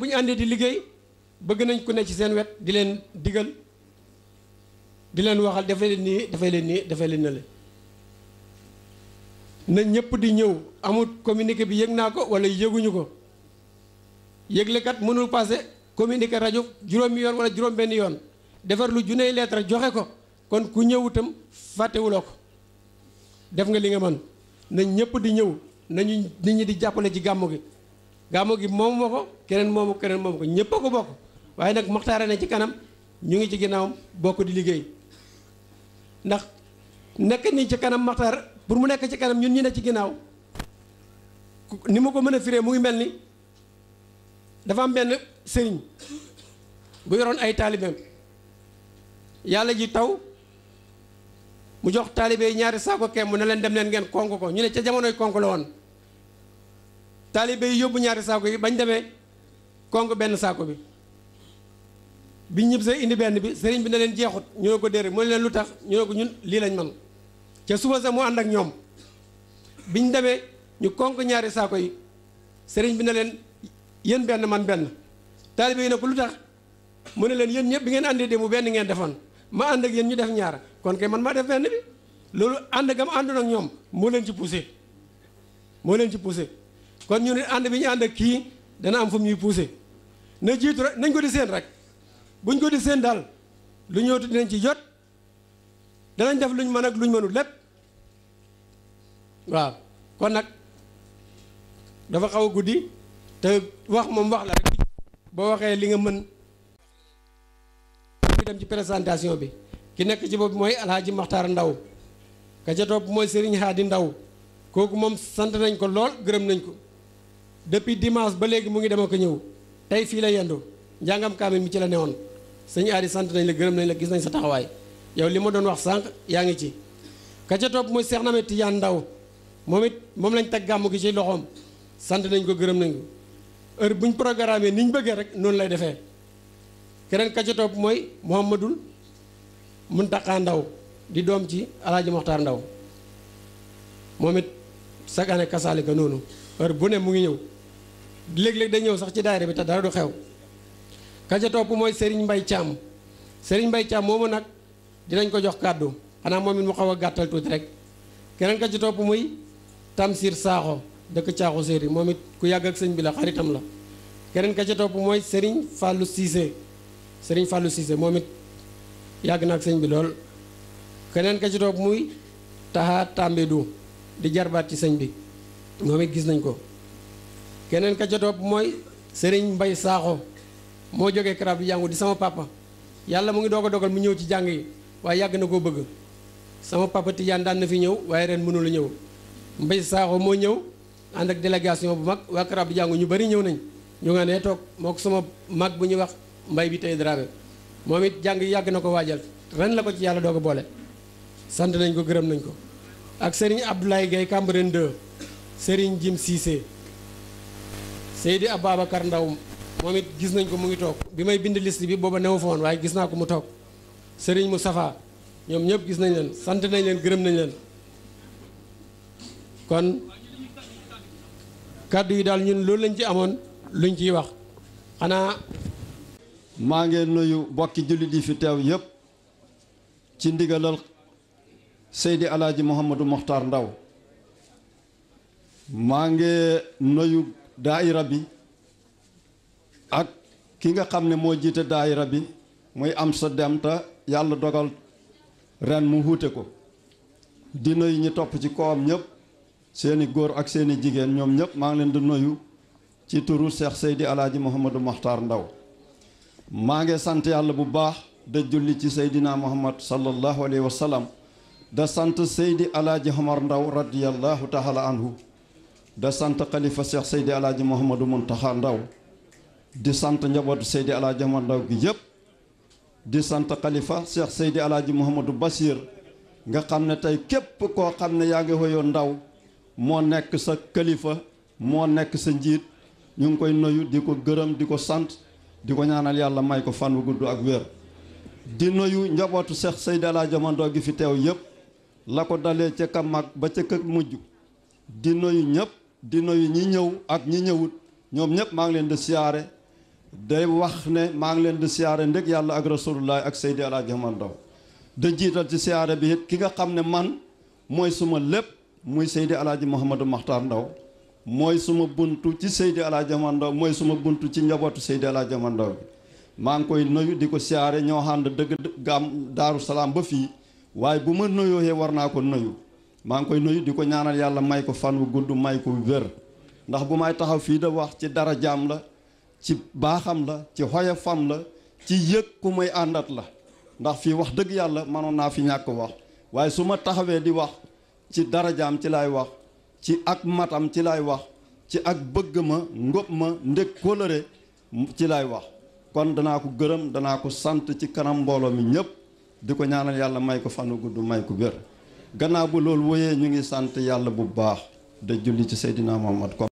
bu ñu àndee di liggéey bëgg nañ ku ne ci seen wet di leen digal di leen waxal dafay leen nii dafay leen nii dafay leen nële na ñëpp di ñëw amul communiqué bi yëg naa ko wala yëguñu ko yëglekat mënul passé communiqué rajo yi yoon wala juróom benn yoon defar lu juney lettre joxe ko kon ku ñëwutam itam fàttewuloo ko def nga li nga mën na ñëpp di ñëw nañu nit ñi di jàppale ci gàmmu gi gàmmu gi moomu ma ko keneen moomu keneen moomu ko ñëpp ko bokk waaye nag maxtaare na ci kanam ñu ngi ci ginnaawam bokk di liggéey ndax nekk ni ci kanam maxtaar pour mu nekk ci kanam ñun ñu ne ci ginnaaw ni ma ko mën a firee mu ngi mel ni dafa am benn sëriñ bu yoroon ay taalibeem yàlla ji taw mu jox taalibe yi ñaari saako kem mu ne leen dem leen ngeen konk ko ñu ne ca jamonoy konk la woon taalibe yi yóbbu ñaari saako yi bañ demee konk benn saako bi biñ ñëpp see indi benn bi sëriñ bi na leen jeexut ñu ne ko déere mu ne leen lu tax ñu ne ko ñun lii lañ man ca suba sa mu ànd ak ñoom bi ñu demee ñu konk ñaari saako yi sëriñ bi na leen yéen benn man benn taalibe yi ne ko lu tax mu ne leen yéen ñëpp bi ngeen àndee mu benn ngeen defoon ma ànd ak yéen ñu def ñaar kon kay man maa def benn bi loolu ànd gam àndoon ak ñoom moo leen ci poussé leen ci kon ñu ne ànd bi ñu ànd ak kii dana am fu mu ñuy poussé na jiitu rek nañ ko di seen rek buñ ko di seen daal lu ñëwtu dinañ ci jot danañ def luñ mën ak luñ mënul lépp waaw kon nag dafa xaw a guddi te wax moom wax la rek boo waxee li nga mën ñu dem ci présentation bi ki nekk ci bopp mooy alhaaji maxtaar ndaw ka ca mooy sëriñ haadi ndaw kooku moom sant nañ ko lool gërëm nañ ko depuis dimanche ba léegi mu ngi dema ko ñëw tey fii la yendu njàngam kaamil mi ci la newoon sëñ aadi sant nañ la gërëm nañ la gis nañ sa taxawaay yow li ma doon wax sànq yaa ngi ci ka mooy Seex Namet Tijaan Ndaw moom it moom lañ teg gàmmu gi ci loxoom sant nañ ko gërëm nañ ko heure buñ programmé ni ñu bëggee rek noonu lay defee keneen ka mooy topp mooy Mouhamadul Muntaqa Ndaw di doom ci Alaaji Moxtaar Ndaw moom it chaque année kasaalika noonu heure bu ne mu ngi ñëw léeg-léeg day ñëw sax ci daayira bi te dara du xew ka ca topp mooy Serigne Mbaye Thiam Serigne mbay Thiam moomu nag dinañ ko jox kàddu xanaa moom it mu xaw a gàttal tuuti rek keneen ka ci topp muy Tamsir Sakho dëkk Caaxu Séeri moom it ku yàgg ak sëñ bi la xaritam la keneen ka ca topp mooy Serigne Fallou Cissé Serigne Fallou Cissé moom it yàgg na ak sëñ bi lool keneen ka ci topp muy Taha Tambédou di jarbaat ci sëñ bi moom it gis nañ ko. kenen ka ca topp mooy sëriñ mbay saxo mo joge krab di di sama papa yalla mo ngi dogo dogal mu ñew ci jang yi waaye yag na koo bëgg sama papa Tidiane daan na fi ñëw waaye ren lu ñew mbay saxo mo ñew and ak delegation bu mag wa krab yangu ñu bari ñew nañ ñu nga ne tok moo sama mag bu ñu wax mbay bi tay drabe momit jang jàng yi yàgg na ko wajal ren la ko ci yalla dogo bolé sant nañ ko gërem nañ ko ak serigne Abdoulaye gay Cambérène 2 Jim Cissé Seydi Ababacar Ndaw moom it gis nañ ko mu ngi toog bi may bind liste bi booba newu fa woon waaye gis naa ko mu toog mu Moustapha ñoom ñëpp gis nañ leen sant nañ leen gërëm nañ leen kon kàddu yi daal ñun loolu lañ ci amoon luñ ciy wax xanaa maa ngi nuyu bokki jullit yi fi teew yëpp ci ndigalal Seydi Alaaji Mouhamadou Mokhtar Ndaw maa ngi nuyu daayira bi ak ki nga xam ne moo jiite daayira bi muy am sa dem te yàlla dogal ren mu wuute ko di nuyu ñi topp ci kawam ñëpp seeni góor ak seeni jigéen ñoom ñëpp maa ngi leen di nuyu ci turu Seex Seydi Alaaji Mouhamadou maxtar Ndaw maa ngi sant yàlla bu baax da julli ci Seydina Muhammad sallallahu alayhi wa sallam da sant Seydi Alaaji Omar Ndaw radiyallahu taala anhu da sant xalifa Cheikh Seydi Alaaji Mouhamadou Mountakha Ndaw di sant njabootu Seydi Alaaji Mouhamadou Ndaw sant xalifa Cheikh Seydi Alaaji Mouhamadou Bachir nga xam ne tey képp koo xam ne yaa ngi woyoo ndaw moo nekk sa kalifa moo nekk sa njiit ñu ngi koy nuyu di ko gërëm di ko sant di ko ñaanal yàlla may ko fan wu ak wér di noyu njabootu Cheikh Seydi Alaaji Mouhamadou Ndaw gi fi teew yëpp la ko dalee ca ka mag ba ca ka mujj di noyu ñëpp di nuyu ñi ñëw ak ñi ñëwut ñoom ñëpp maa ngi leen di siyaare day wax ne maa ngi leen di siyaare ndeg yàlla ak rasulullah ak Seydi El Hadji Omar da jiital ci siyaare bi it ki nga xam ne man mooy suma lépp muy Seydi El Hadji Mouhamadou Makhtar Ndao mooy suma buntu ci Seydi El Hadji Omar mooy suma buntu ci njabootu Seydi El Hadji Omar bi maa ngi koy nuyu di ko siyaare ñoo ànd dëgg gàmm daaru salaam ba fii waaye bu ma nuyooyee war naa ko nuyu maa ngi koy nuyu di ko ñaanal yàlla may ko fan wu gudd may ko wér ndax bu may taxaw fii da wax ci dara jaam la ci baaxam la ci xoyofam la ci yëg ku may àndat la ndax fii wax dëgg yàlla manoon naa fi ñàkk wax waaye su ma taxawee di wax ci dara jaam ci laay wax ci ak matam ci laay wax ci ak bëgg ma ngóob ma ndég kóllëre ci laay wax kon danaa ko gërëm danaa ko sant ci kanam mbooloo mi ñëpp di ko ñaanal yàlla may ko fanu gudd may ko wér gannaaw bu loolu wooyee ñu ngi sant yàlla bu baax da julli ci Seydina Muhammad